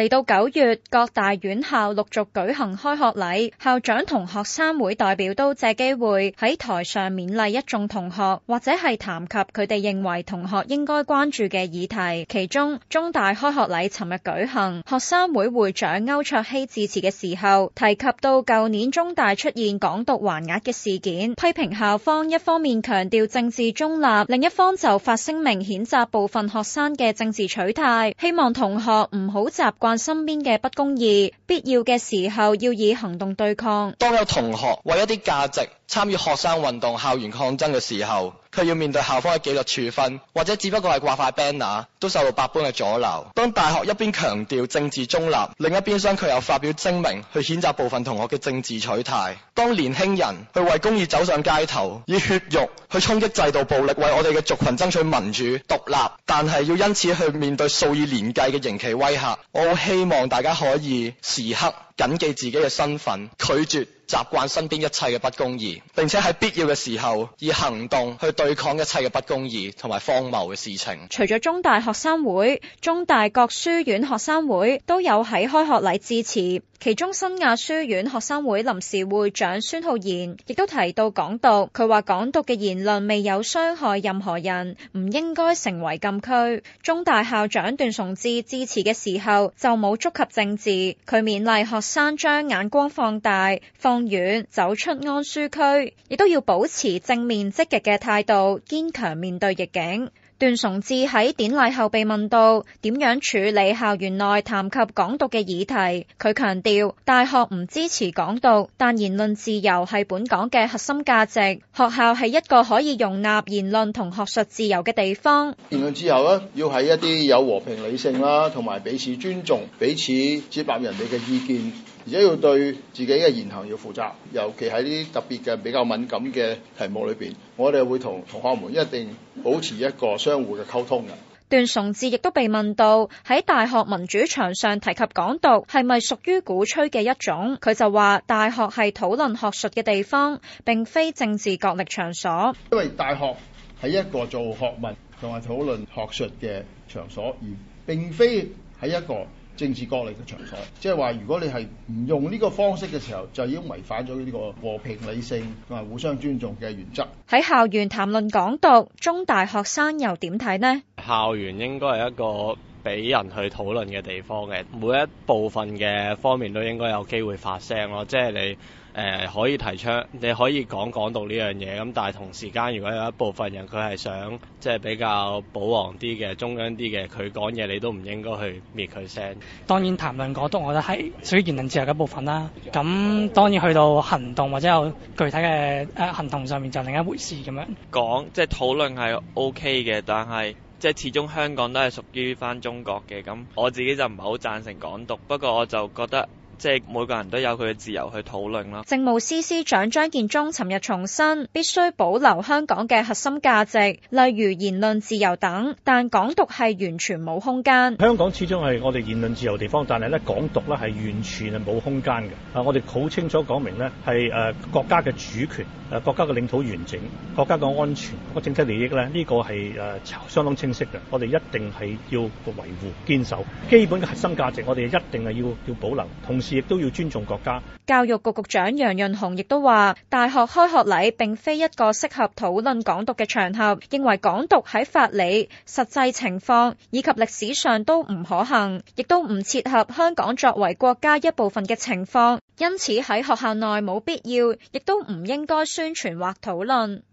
嚟到九月，各大院校陸續舉行開學禮，校長同學生會代表都借機會喺台上勉勵一眾同學，或者係談及佢哋認為同學應該關注嘅議題。其中，中大開學禮尋日舉行，學生會會長歐卓希致辭嘅時候，提及到舊年中大出現港獨橫額嘅事件，批評校方一方面強調政治中立，另一方就發聲明譴責部分學生嘅政治取態，希望同學唔好習慣。身邊嘅不公義，必要嘅時候要以行動對抗。當有同學為一啲價值，參與學生運動、校園抗爭嘅時候，佢要面對校方嘅紀律處分，或者只不過係掛塊 banner 都受到百般嘅阻撓。當大學一邊強調政治中立，另一邊廂佢又發表聲明去譴責部分同學嘅政治取態。當年輕人去為公義走上街頭，以血肉去衝擊制度暴力，為我哋嘅族群爭取民主、獨立，但係要因此去面對數以年計嘅刑期威嚇。我希望大家可以時刻。謹記自己嘅身份，拒絕習慣身邊一切嘅不公義，並且喺必要嘅時候以行動去對抗一切嘅不公義同埋荒謬嘅事情。除咗中大學生會，中大各書院學生會都有喺開學禮致辭。其中，新亞書院學生會臨時會長孫浩然亦都提到港獨，佢話港獨嘅言論未有傷害任何人，唔應該成為禁區。中大校長段崇智致辭嘅時候就冇觸及政治，佢勉勵學生將眼光放大，放遠，走出安舒區，亦都要保持正面積極嘅態度，堅強面對逆境。段崇智喺典禮後被問到點樣處理校園內談及港獨嘅議題，佢強調大學唔支持港獨，但言論自由係本港嘅核心價值。學校係一個可以容納言論同學術自由嘅地方。言論自由呢，要喺一啲有和平理性啦，同埋彼此尊重、彼此接納人哋嘅意見。而家要對自己嘅言行要負責，尤其喺啲特別嘅比較敏感嘅題目裏邊，我哋會同同學們一定保持一個相互嘅溝通嘅。段崇智亦都被問到喺大學民主牆上提及港獨係咪屬於鼓吹嘅一種，佢就話大學係討論學術嘅地方，並非政治角力場所。因為大學係一個做學問同埋討論學術嘅場所，而並非係一個政治角力嘅場所，即係話如果你係唔用呢個方式嘅時候，就已經違反咗呢個和平理性同埋互相尊重嘅原則。喺校園談論港獨，中大學生又點睇呢？校園應該係一個俾人去討論嘅地方嘅，每一部分嘅方面都應該有機會發聲咯。即係你誒可以提出，你可以講港獨呢樣嘢，咁但係同時間如果有一部分人佢係想即係比較保皇啲嘅、中央啲嘅，佢講嘢你都唔應該去滅佢聲。當然，談論港獨，我覺得係屬於言論自由嘅一部分啦。咁當然去到行動或者有具體嘅誒行動上面就另一回事咁樣講。講即係討論係 OK 嘅，但係。即係始終香港都係屬於翻中國嘅，咁我自己就唔係好贊成港獨，不過我就覺得。即係每個人都有佢嘅自由去討論啦。政務司司長張建忠尋日重申，必須保留香港嘅核心價值，例如言論自由等。但港獨係完全冇空間，香港始終係我哋言論自由地方，但係咧港獨咧係完全係冇空間嘅。啊，我哋好清楚講明咧，係誒國家嘅主權、誒國家嘅領土完整、國家嘅安全、個整體利益咧，呢個係誒相當清晰嘅。我哋一定係要個維護、堅守基本嘅核心價值，我哋一定係要要保留，同時。亦都要尊重國家。教育局局長楊潤雄亦都話：大學開學禮並非一個適合討論港獨嘅場合，認為港獨喺法理、實際情況以及歷史上都唔可行，亦都唔切合香港作為國家一部分嘅情況，因此喺學校內冇必要，亦都唔應該宣傳或討論。